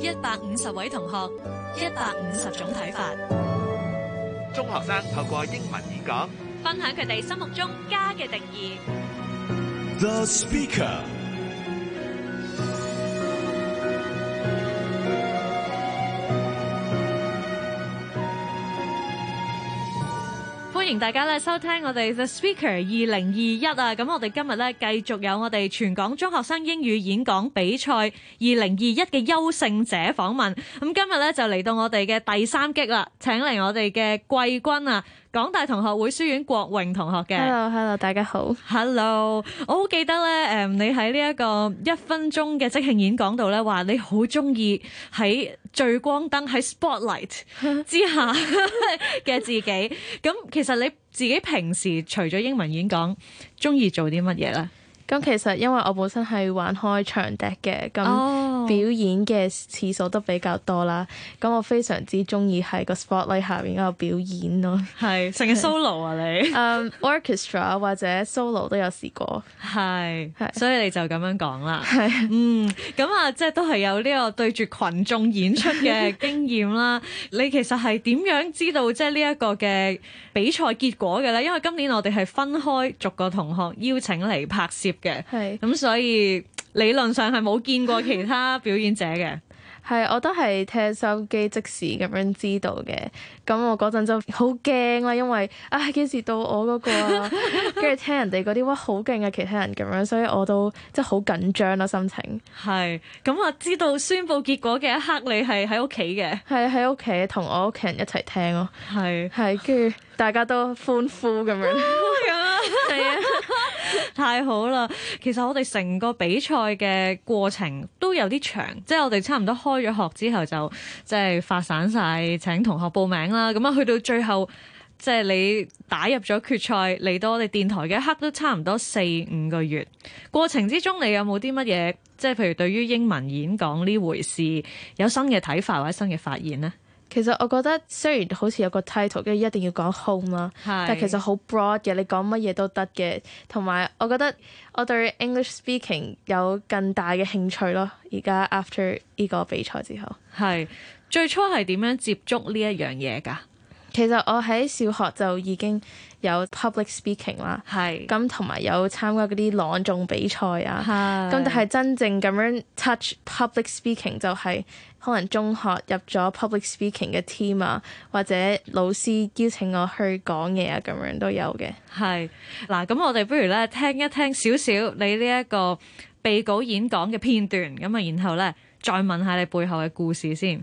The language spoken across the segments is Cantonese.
一百五十位同學，一百五十種睇法。中學生透過英文演講，分享佢哋心目中家嘅定義。The Speaker. 歡迎大家咧，收聽我哋 The Speaker 二零二一啊，咁我哋今日咧，繼續有我哋全港中學生英語演講比賽二零二一嘅優勝者訪問，咁今日咧，就嚟到我哋嘅第三擊啦，請嚟我哋嘅季軍啊！港大同學會書院郭詠同學嘅，Hello Hello 大家好，Hello，我好記得咧，誒，你喺呢一個一分鐘嘅即興演講度咧，話你好中意喺聚光燈喺 Spotlight 之下嘅 自己，咁其實你自己平時除咗英文演講，中意做啲乜嘢咧？咁其實因為我本身係玩開長笛嘅，咁。Oh. 表演嘅次數都比較多啦，咁我非常之中意喺個 spotlight 下面嗰度表演咯。係是。 成日 solo 啊你？誒、um, orchestra 或者 solo 都有試過。係是，是所以你就咁樣講啦。係是，嗯，咁啊，即係都係有呢個對住群眾演出嘅經驗啦。 你其實係點樣知道即係呢一個嘅比賽結果嘅咧？因為今年我哋係分開逐個同學邀請嚟拍攝嘅，係咁是所以。理論上係冇見過其他表演者嘅，係 我都係聽收音機即時咁樣知道嘅。咁我嗰陣就好驚啦，因為唉，幾時到我嗰個啊？跟住聽人哋嗰啲哇好勁啊，其他人咁樣，所以我都即係好緊張啦、啊、心情。係咁啊，知道宣佈結果嘅一刻，你係喺屋企嘅？係喺屋企同我屋企人一齊聽咯、啊。係係是，跟住大家都歡呼咁樣。係啊 對。 太好啦！其實我哋成個比賽嘅過程都有啲長，即係我哋差唔多開咗學之後就即係發散晒，請同學報名啦。咁啊，去到最後即係你打入咗決賽嚟到我哋電台嘅一刻都差唔多四五個月。過程之中你有冇啲乜嘢？即係譬如對於英文演講呢回事有新嘅睇法或者新嘅發現呢？其實我覺得雖然好似有個 title，跟住一定要講 home 啦是，但其實好 broad 嘅，你講乜嘢都得嘅。同埋我覺得我對 English speaking 有更大嘅興趣咯。而家 after 呢個比賽之後，係最初係點樣接觸呢一樣嘢㗎？其實我喺小學就已經有 public speaking 啦，係咁同埋有參加嗰啲朗誦比賽啊，咁是但係真正咁樣 touch public speaking 就係可能中學入咗 public speaking 嘅 team 啊，或者老師邀請我去講嘢啊，咁樣都有嘅。係。嗱，咁我哋不如咧聽一聽少少你呢一個備稿演講嘅片段，咁啊，然後咧再問下你背後嘅故事先。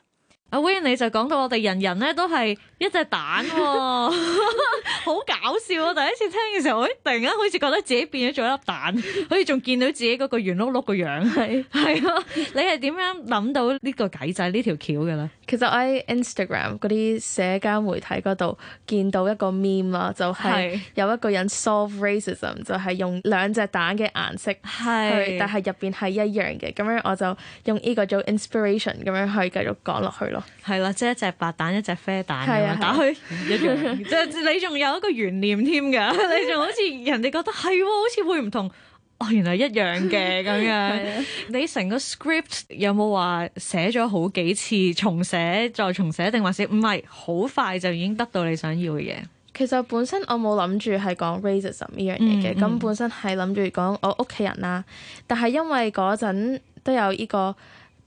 阿 William 你就講到我哋人人咧都係一隻蛋、啊， 好搞笑啊！第一次聽嘅時候，我、哎、突然間好似覺得自己變咗做一粒蛋， 好似仲見到自己嗰個圓碌碌個樣。係係 啊，你係點樣諗到個呢個計仔呢條橋嘅咧？其實我喺 Instagram 嗰啲社交媒體嗰度見到一個 meme 啦，就係有一個人 solve racism，就係用兩隻蛋嘅顏色，是但係入邊係一樣嘅。咁樣我就用呢個做 inspiration 咁樣去繼續講落去咯。係啦，即係、哦就是，一隻白蛋，一隻啡蛋咁樣、啊，打開、啊，一樣，即係 你仲有一個懸念添噶， 你仲好似人哋覺得係喎、 啊，好似會唔同哦，原來一樣嘅咁樣。啊啊，你成個 script 有冇話寫咗好幾次重寫再重寫，定還是唔係？好快就已經得到你想要嘅嘢。其實本身我冇諗住係講 racism 咁呢樣嘢嘅，咁，嗯嗯、本身係諗住講我屋企人啦、啊，但係因為嗰陣都有呢個。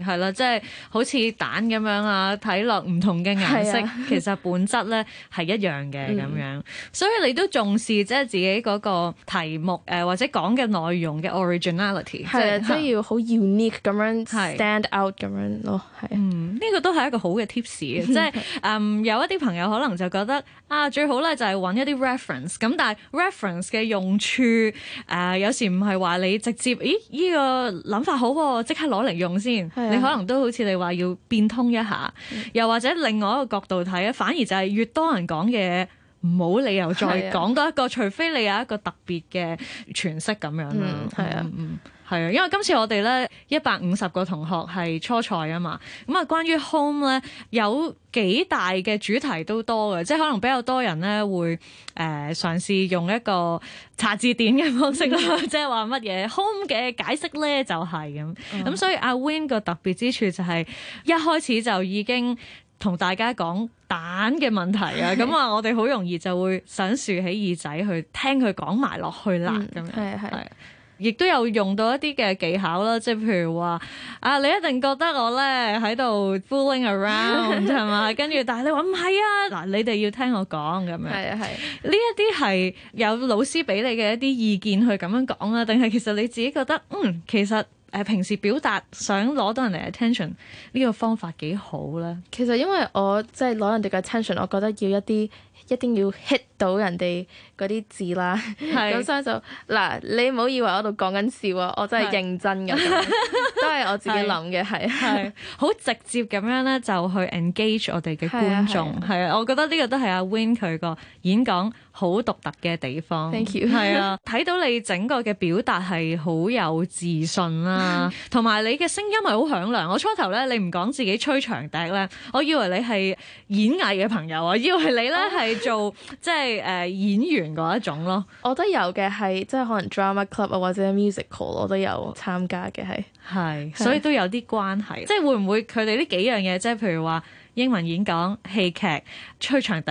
係啦，即係好似蛋咁樣啊，睇落唔同嘅顏色，是啊、其實本質咧係一樣嘅咁樣。嗯、所以你都重視即係自己嗰個題目誒、呃，或者講嘅內容嘅 originality、啊、即係即係要好 unique 咁樣是、啊、stand out 咁樣咯。係嗯、呢、這個都係一個好嘅 tips，即係誒，有一啲朋友可能就覺得。啊，最好咧就係揾一啲 reference，咁但係 reference 嘅用處，誒、呃、有時唔係話你直接，咦呢、呢個諗法好，即刻攞嚟用先，的你可能都好似你話要變通一下，又或者另外一個角度睇，反而就係越多人講嘢，冇理由再講多一個，的除非你有一個特別嘅詮釋咁樣咯，係啊的、嗯嗯，嗯。係啊，因為今次我哋咧一百五十個同學係初賽啊嘛，咁啊關於 home 咧有幾大嘅主題都多嘅，即係可能比較多人咧會誒、呃、嘗試用一個查字典嘅方式啦， 即係話乜嘢 home 嘅解釋咧就係、是、咁，咁、嗯、所以阿 Wing 個特別之處就係、是、一開始就已經同大家講蛋嘅問題啊，咁啊是我哋好容易就會想豎起耳仔去聽佢講埋落去啦，咁樣係啊係。的亦都有用到一啲嘅技巧啦，即係譬如話啊，你一定覺得我咧喺度 fooling around 係嘛？跟住，但係你話唔係啊，嗱，你哋要聽我講咁樣。係啊係。呢一啲係有老師俾你嘅一啲意見去咁樣講啊。定係其實你自己覺得嗯，其實誒平時表達想攞到人哋 attention 呢個方法幾好咧？其實因為我即係攞人哋嘅 attention，我覺得要一啲一定要 hit 到人哋。嗰啲字啦，係咁所以就嗱，你唔好以為我度講緊笑啊，我真係認真嘅是，都係我自己諗嘅，係係好直接咁樣咧，就去 engage 我哋嘅觀眾係啊,啊,啊，我覺得呢個都係阿 Win 佢個演講好獨特嘅地方，thank you 係啊，睇到你整個嘅表達係好有自信啦、啊，同埋 你嘅聲音係好響亮。我初頭咧，你唔講自己吹長笛咧，我以為你係演藝嘅朋友啊，以為你咧係做即係誒演員。 一種咯，我都有嘅，係即係可能 drama club 啊，或者 musical，我都有參加嘅，係係，所以都有啲關係， 即係會唔會佢哋呢幾樣嘢，即係譬如話英文演講、戲劇、吹長笛，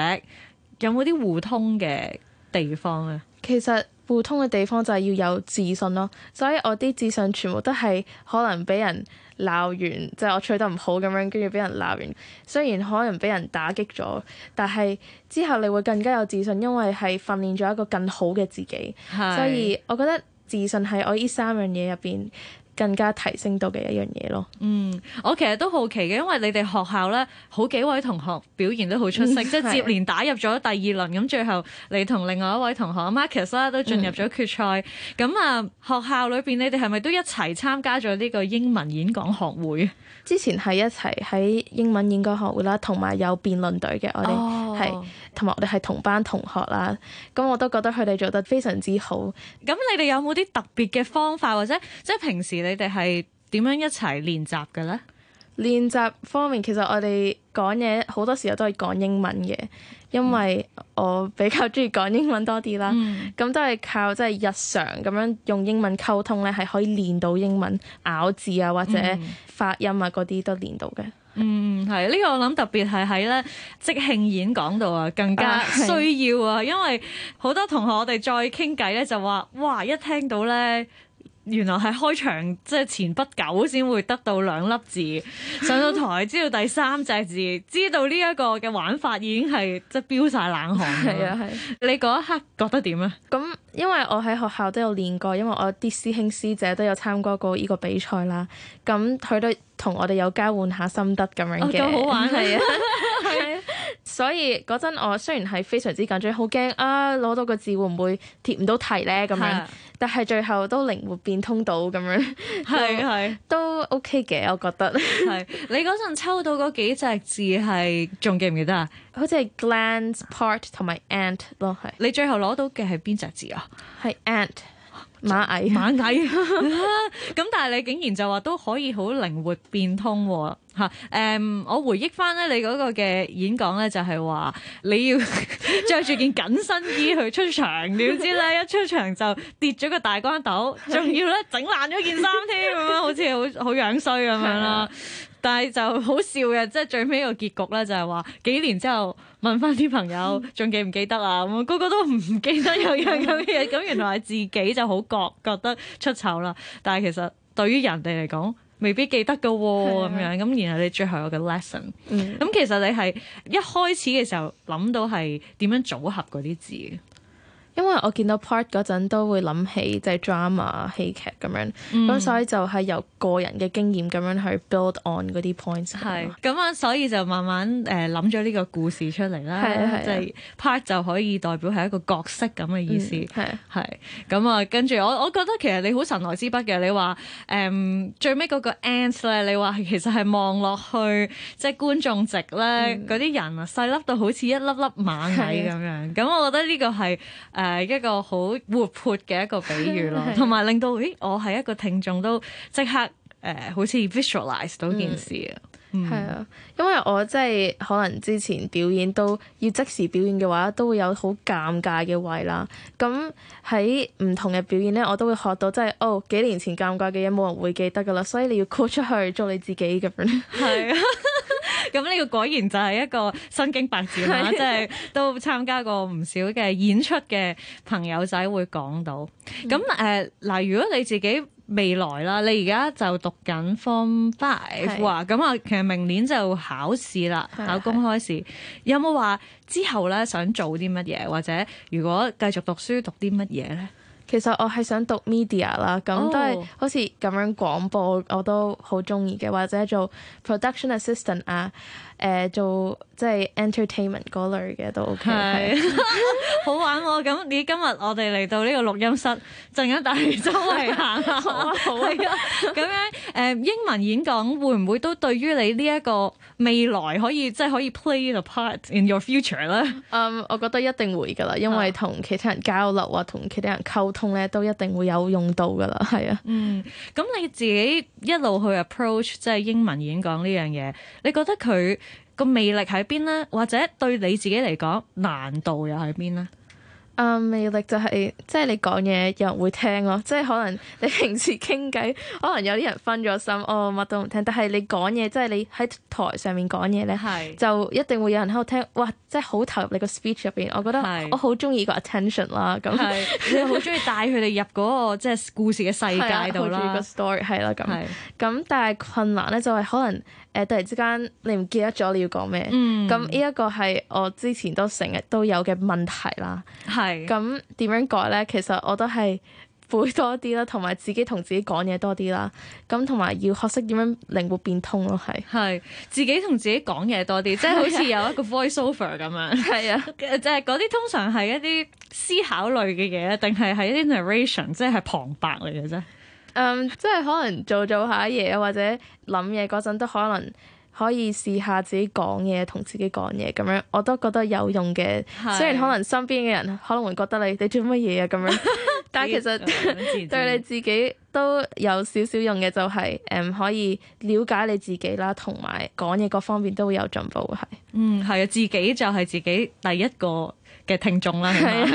有冇啲互通嘅地方啊？其實互通嘅地方就係要有自信咯，所以我啲自信全部都係可能俾人。鬧完即係我吹得唔好咁樣，跟住俾人鬧完。雖然可能俾人打擊咗，但係之後你會更加有自信，因為係訓練咗一個更好嘅自己。是所以，我覺得自信係我依三樣嘢入邊，更加提升到嘅一樣嘢咯。嗯，我其實都好奇嘅，因為你哋學校咧，好幾位同學表現都好出色， 是即係接連打入咗第二輪，咁最後，你同另外一位同學 Marcus 都進入咗決賽，咁啊，學校裏邊你哋係咪都一齊參加咗呢個英文演講學會？之前係一齊喺英文演講學會啦，同埋有辯論隊嘅我哋係同埋我哋係同班同學啦。咁我都覺得佢哋做得非常之好。咁你哋有冇啲特別嘅方法，或者即係平時你？你哋係點樣一齊練習嘅咧？練習方面，其實我哋講嘢好多時候都係講英文嘅，因為我比較中意講英文多啲啦。咁、嗯、都係靠即係日常咁樣用英文溝通咧，係可以練到英文咬字啊，或者發音啊嗰啲都練到嘅。嗯，係呢、呢個我諗特別係喺咧即興演講度啊，更加需要啊，因為好多同學我哋再傾偈咧就話，哇，一聽到咧。原來係開場，即係前不久先會得到兩粒字 上到台，知道第三隻字，知道呢一個嘅玩法，已經係即係飆晒冷汗。係啊，係你嗰一刻覺得點咧？咁因為我喺學校都有練過，因為我啲師兄師姐都有參加過呢個比賽啦。咁佢都，同我哋有交換下心得咁樣嘅，哦、好玩係啊，係 對。 所以嗰陣我雖然係非常之緊張，好驚啊，攞到個字會唔會貼唔到題咧咁樣，的但係最後都靈活變通到咁樣，係 係都 OK 嘅，我覺得。係你嗰陣抽到嗰幾隻字係仲記唔記得啊？好似係 glance part 同埋 ant 咯，係。你最後攞到嘅係邊隻字啊？係 ant。螞蟻螞蟻，咁 但係你竟然就話都可以好靈活變通喎、啊、嚇、嗯、我回憶翻咧你嗰個嘅演講咧，就係話你要着 住件緊身衣去出場，點 知咧一出場就跌咗個大關斗，仲要咧整爛咗件衫添，咁 樣好似好好樣衰咁樣啦～ 但係就好笑嘅，即係最尾個結局咧，就係、是、話幾年之後問翻啲朋友仲、嗯、記唔記得啊？咁個個都唔記得有樣咁嘅嘢，咁 原來係自己就好覺得覺得出醜啦。但係其實對於人哋嚟講，未必記得㗎喎，咁的樣咁。然後你最後有個 lesson，咁、嗯、其實你係一開始嘅時候諗到係點樣組合嗰啲字因為我見到 part 陣都會諗起即係 drama 戲劇咁樣，咁、嗯、所以就係由個人嘅經驗咁樣去 build on 嗰啲 points。係咁啊，所以就慢慢誒諗咗呢個故事出嚟啦。係即係 part 就可以代表係一個角色咁嘅意思。係係咁啊，跟住我我覺得其實你好神來之筆嘅。你話誒、嗯、最尾嗰個 ant 咧，你話其實係望落去即係、就是、觀眾席咧嗰啲人啊，細粒到好似一粒粒螞蟻咁樣。咁是是我覺得呢個係誒。呃係一個好活潑嘅一個比喻咯，同埋 令到咦我係一個聽眾都即刻誒、呃、好似 visualise 到件事啊，係、嗯嗯、啊，因為我即、就、係、是、可能之前表演都要即時表演嘅話，都會有好尷尬嘅位啦。咁喺唔同嘅表演咧，我都會學到即係、就是、哦，幾年前尷尬嘅嘢冇人會記得噶啦，所以你要 call 出去做你自己咁樣，係是啊。 咁呢個果然就係一個身經百戰啦， 即係都參加過唔少嘅演出嘅朋友仔會講到。咁誒嗱，如果你自己未來啦，你而家就讀緊 form five 啊是，咁啊，其實明年就考試啦，考公的開試。的有冇話之後咧想做啲乜嘢，或者如果繼續讀書讀啲乜嘢咧？其實我係想讀 media 啦，咁都係好似咁樣廣播，我都好中意嘅，或者做 production assistant 啊，誒做即係 entertainment 類嘅都 OK，好玩喎、哦！咁你今日我哋嚟到呢個錄音室，陣間帶你周圍行下，好啊！ 咁樣誒英文演講會唔會都對於你呢一個未來可以即係、就是、可以 play a part in your future 咧？嗯 ，um, 我覺得一定會噶啦，因為同其他人交流啊，同其他人溝通。通咧都一定會有用到㗎喇，係啊。嗯，咁你自己一路去 approach 即係英文演講呢樣嘢，你覺得佢個魅力喺邊呢？或者對你自己嚟講，難度又喺邊呢？啊、嗯！魅力就係即係你講嘢，有人會聽咯。即、就、係、是、可能你平時傾偈，可能有啲人分咗心，我、哦、乜都唔聽。但係你講嘢，即、就、係、是、你喺台上面講嘢咧，是就一定會有人喺度聽。哇！即係好投入你個 speech 入邊。我覺得我好中意個 attention 啦。咁你好中意帶佢哋入嗰個即係故事嘅世界度、 啊、story 係啦、啊，咁咁，是但係困難咧就係可能誒、呃，突然之間你唔記得咗你要講咩。嗯。咁呢一個係我之前都成日都有嘅問題啦。 咁點是樣改咧？其實我都係背多啲啦，同埋自己同自己講嘢多啲啦。咁同埋要學識點樣靈活變通咯，係。係自己同自己講嘢多啲， 即係好似有一個 voiceover 咁樣。係 啊，就係嗰啲通常係一啲思考類嘅嘢，定係係一啲 narration，即係旁白嚟嘅啫。嗯，um, 即係可能做做下嘢，或者諗嘢嗰陣都可能。可以試下自己講嘢同自己講嘢咁樣，我都覺得有用嘅。是雖然可能身邊嘅人可能會覺得你你做乜嘢啊咁樣， 但係其實 對你自己都有少少用嘅，就係，就係誒可以了解你自己啦，同埋講嘢各方面都會有進步嘅，係。嗯，係啊，自己就係自己第一個嘅聽眾啦，係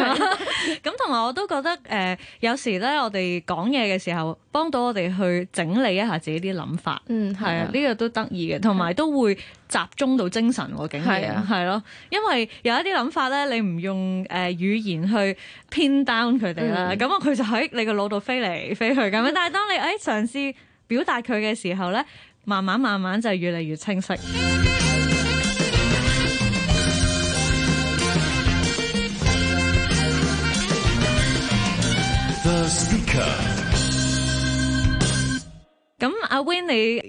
咁同埋我都覺得誒、呃，有時咧我哋講嘢嘅時候，幫到我哋去整理一下自己啲諗法，嗯，係啊，呢、這個都得意嘅，同埋都會集中到精神喎，竟然係咯，因為有一啲諗法咧，你唔用誒、呃、語言去 pin down 佢哋啦，咁啊佢就喺你個腦度飛嚟飛去咁樣，嗯、但係當你誒嘗試表達佢嘅時候咧，慢慢慢慢就越嚟越清晰。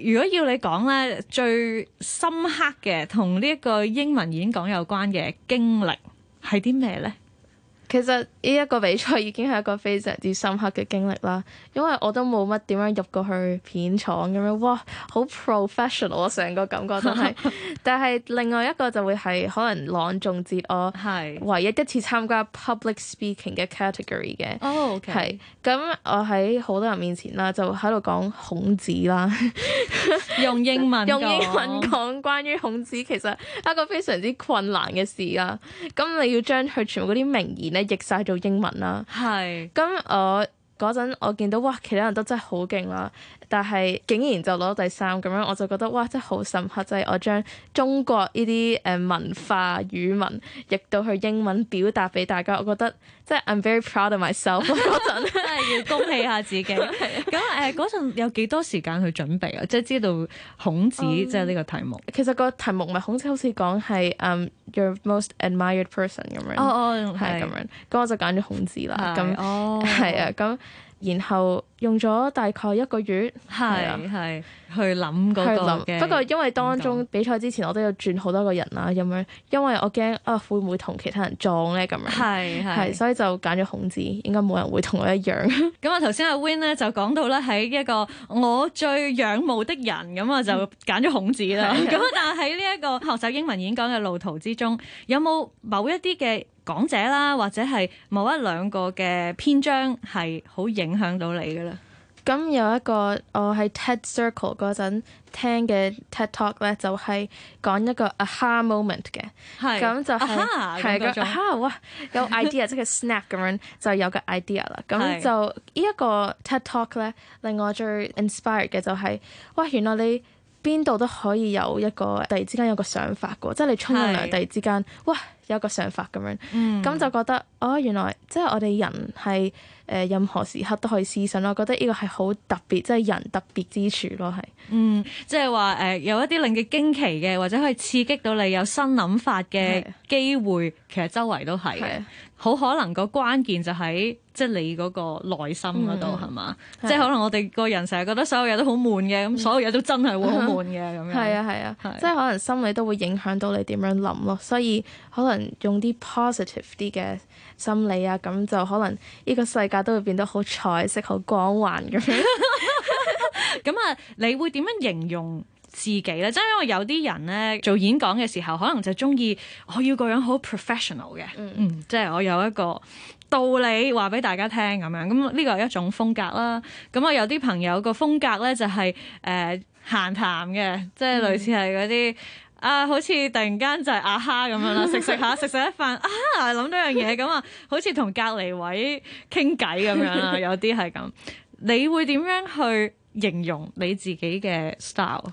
如果要你講咧，最深刻嘅同呢一個英文演講有關嘅經歷係啲咩咧？其實呢一個比賽已經係一個非常之深刻嘅經歷啦，因為我都冇乜點樣入過去片廠咁樣，哇，好 professional 啊！成個感覺真係， 但係另外一個就會係可能朗誦節我係唯一一次參加 public speaking 嘅 category 嘅，係咁我喺好多人面前啦，就喺度講孔子啦， 用英文用英文講關於孔子，其實係一個非常之困難嘅事啦，啊，咁你要將佢全部嗰啲名言，譯晒做英文啦，係咁是我嗰陣我見到哇，其他人都真係好勁啦～但係竟然就攞到第三咁樣，我就覺得哇，真係好深刻，就係我將中國呢啲誒文化語文譯到去英文表達俾大家，我覺得即係 I'm very proud of myself 嗰陣，真係要恭喜下自己。咁誒嗰陣有幾多時間去準備啊？即係知道孔子即係呢個題目。其實個題目唔係孔子好似講係嗯 your most admired person 咁樣，哦哦，係咁樣。咁我就揀咗孔子啦。咁哦，係啊，咁。然後用咗大概一個月，係係去諗嗰個嘅。不過因為當中比賽之前，我都有轉好多個人啦，咁樣，因為我驚啊會唔會同其他人撞咧，咁樣。係係，所以就揀咗孔子，應該冇人會同我一樣。咁我頭先阿 Win 咧就講到咧，喺一個我最仰慕的人，咁我就揀咗孔子啦。咁的 但係喺呢一個學習英文演講嘅路途之中，有冇某一啲嘅？講者啦，或者係某一兩個嘅篇章係好影響到你㗎啦。咁有一個我喺 TED Circle 嗰陣聽嘅 TED Talk 咧，就係、是、講一個 aha moment 嘅，咁是就係、是啊、哈個 aha、啊、哇，有 idea 即係 snap 咁樣就有個 idea 啦。咁就呢一個,是個 TED Talk 咧，令我最 inspired 嘅就係、是，哇，原來你邊度都可以有一個，突然之間有個想法嘅，即係你沖個涼，突然之間，哇！有一個想法咁樣，咁就覺得哦，原來即係我哋人係誒任何時刻都可以思想咯。我覺得呢個係好特別，即係人特別之處咯，係。嗯，即係話誒，有一啲令佢驚奇嘅，或者可以刺激到你有新諗法嘅機會，其實周圍都係嘅。好可能個關鍵就喺即係你嗰個內心嗰度係嘛？即係可能我哋個人成日覺得所有嘢都好悶嘅，咁所有嘢都真係會好悶嘅咁樣。係啊係啊，即係可能心理都會影響到你點樣諗咯，所以可能。用啲 positive 啲嘅心理啊，咁就可能呢個世界都會變得好彩色、好光環咁樣。咁 啊， 哈哈你會點樣形容自己咧？即係因為有啲人咧做演講嘅時候，可能就中意我要個樣好 professional 嘅，嗯，即係，嗯，我有一個道理話俾大家聽咁樣。咁呢個係一種風格啦。咁啊，有啲朋友個風格咧就係誒閒談嘅，即係類似係嗰啲。啊，uh, 好似突然間就係阿、啊、哈咁樣啦，食食下食食一飯啊，諗到 樣嘢咁啊，好似同隔離位傾偈咁樣啦，有啲係咁。你會點樣去形容你自己嘅 style？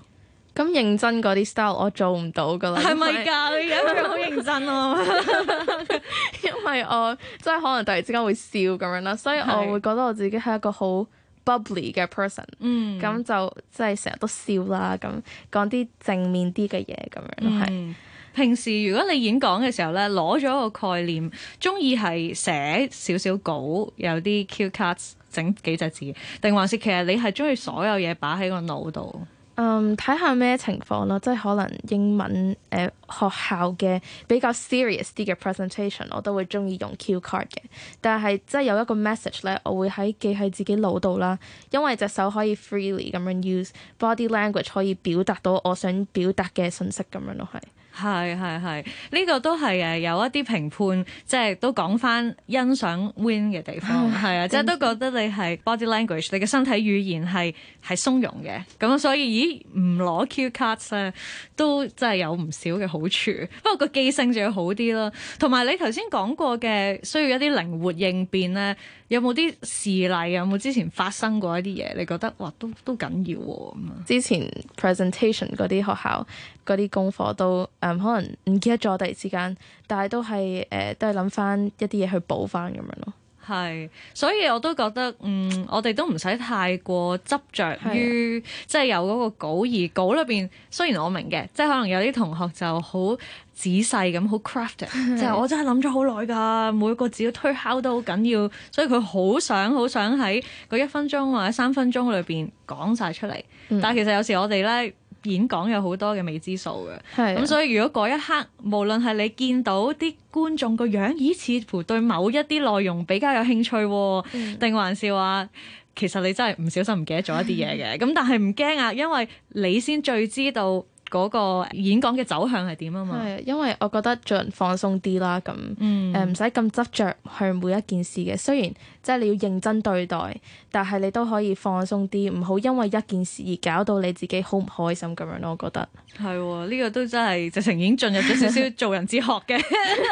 咁認真嗰啲 style 我做唔到噶啦，係咪㗎？而家佢好認真咯，因為是是我真係可能突然之間會笑咁樣啦，所以我會覺得我自己係一個好 bubbly 嘅 person，咁、嗯、就即係成日都笑啦，咁講啲正面啲嘅嘢咁樣係。平時如果你演講嘅時候咧，攞咗個概念，中意係寫少少稿，有啲 cue cards 整幾隻字，定還是其實你係中意所有嘢擺喺個腦度？嗯，睇下咩情況咯，即係可能英文誒、呃、學校嘅比較 serious 啲嘅 presentation，我都會鍾意用 cue card 嘅。但係即係有一個 message 咧，我會喺記喺自己腦度啦，因為隻手可以 freely 咁樣 use body language，可以表達到我想表達嘅信息咁樣都係。係係係，呢個都係誒有一啲評判，即係都講翻欣賞 win 嘅地方，係啊，即係都覺得你係 body language，你嘅身體語言係係松容嘅，咁所以咦唔攞 Q cards 呢，都真係有唔少嘅好處。不過個記性仲要好啲咯，同埋你頭先講過嘅需要一啲靈活應變咧，有冇啲事例？有冇之前發生過一啲嘢？你覺得哇，都都緊要喎咁啊！之前 presentation 嗰啲學校嗰啲功課都。可能唔記得咗，突然之間，但係都係誒，都係諗翻一啲嘢去補翻咁樣咯。係，所以我都覺得，嗯，我哋都唔使太過執着於的即係有嗰個稿而稿裏邊，雖然我明嘅，即係可能有啲同學就好仔細咁，好 craft 即的就我真係諗咗好耐㗎，每個字都推敲得好緊要，所以佢好想好想喺嗰一分鐘或者三分鐘裏邊講晒出嚟。嗯，但係其實有時我哋咧。演講有好多嘅未知數嘅，咁的、嗯、所以如果嗰一刻，無論係你見到啲觀眾個樣，咦，似乎對某一啲內容比較有興趣，定、嗯、還是話其實你真係唔小心唔記得咗一啲嘢嘅？咁、 嗯、但係唔驚啊，因為你先最知道。嗰個演講嘅走向係點啊嘛？係，因為我覺得做人放鬆啲啦，咁誒唔使咁執着，去每一件事嘅。雖然即係、就是、你要認真對待，但係你都可以放鬆啲，唔好因為一件事而搞到你自己好唔開心咁樣咯。我覺得係喎，呢、哦這個都真係直情已經進入咗少少做人哲學嘅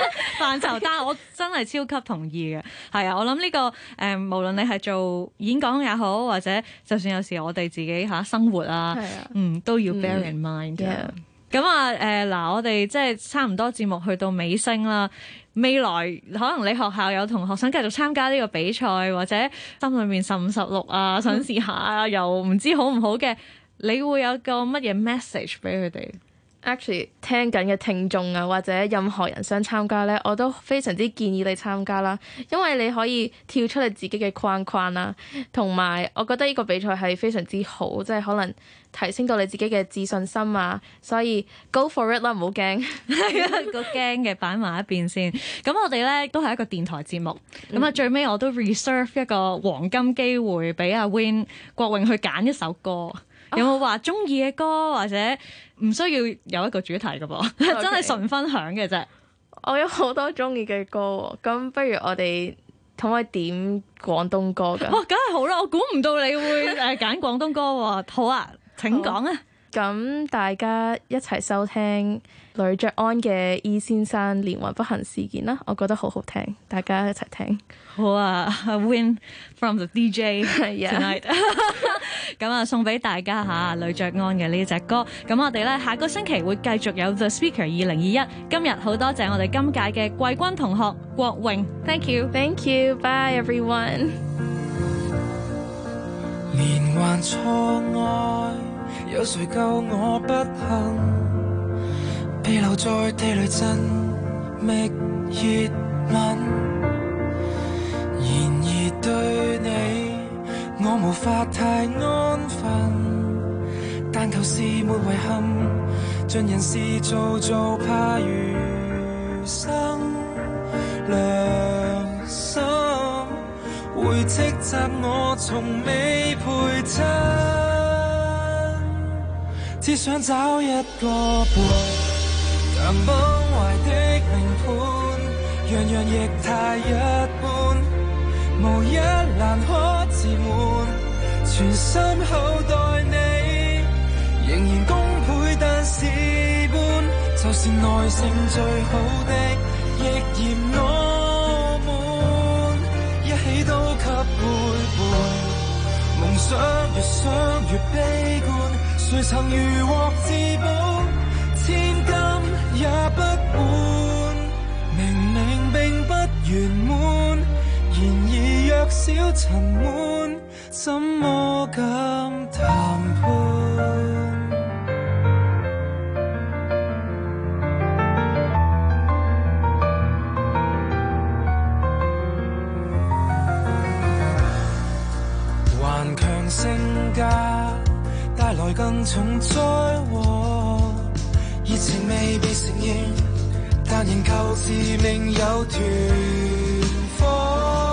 範疇單。但係 我真係超級同意嘅，係啊！我諗呢、這個誒，無論你係做演講也好，或者就算有時我哋自己嚇、啊、生活啊，啊嗯，都要 bear in mind。 咁 Yeah.、嗯嗯、啊，誒、呃，嗱，我哋即係差唔多節目去到尾聲啦。未來可能你學校有同學想繼續參加呢個比賽，或者心裏面十五十六啊，想試下啊，又唔知好唔好嘅，你會有個乜嘢 message 俾佢哋？actually 聽緊嘅聽眾啊，或者任何人想參加咧，我都非常之建議你參加啦，因為你可以跳出你自己嘅框框啦，同埋我覺得依個比賽係非常之好，即係可能提升到你自己嘅自信心啊，所以 go for it 啦，唔好驚，個驚嘅擺埋一邊先。咁我哋咧都係一個電台節目，咁啊、嗯、最尾我都 reserve 一個黃金機會俾阿 Win 郭詠去揀一首歌。有冇話中意嘅歌或者唔需要有一個主題嘅噃？Okay. 真係純分享嘅啫。我有好多中意嘅歌，咁不如我哋可唔可以點廣東歌㗎？哇、哦，梗係好啦，我估唔到你會誒揀廣東歌喎。 好啊，請講啊！咁大家一齊收聽呂爵安嘅《E 先生連環不幸事件》啦，我覺得好好聽，大家一齊聽。好啊，A win from the DJ tonight Yeah。 . 咁啊，送俾大家吓呂爵安嘅呢隻歌。咁我哋咧下個星期會繼續有 The Speaker 二零二一。今日好多謝我哋今屆嘅季軍同學郭詠。Thank you, thank you, bye everyone. 有誰救我不幸？被留在地雷陣覓熱吻。然而對你，我無法太安分。但求事沒遺憾，盡人事做做怕餘生良心會斥責我從未陪襯。只想找一個伴，像崩壞的名盤，樣樣亦太一般，無一難可自滿，全心厚待你，仍然功倍，但事半就是耐性最好的，亦嫌我悶，嗯、一起都給背叛，夢想越想越悲觀。誰曾如獲至寶，千金也不換。明明並不圓滿，然而若小塵滿，怎麼敢談判？更重災禍，熱情未被承認，但仍舊自命有團火。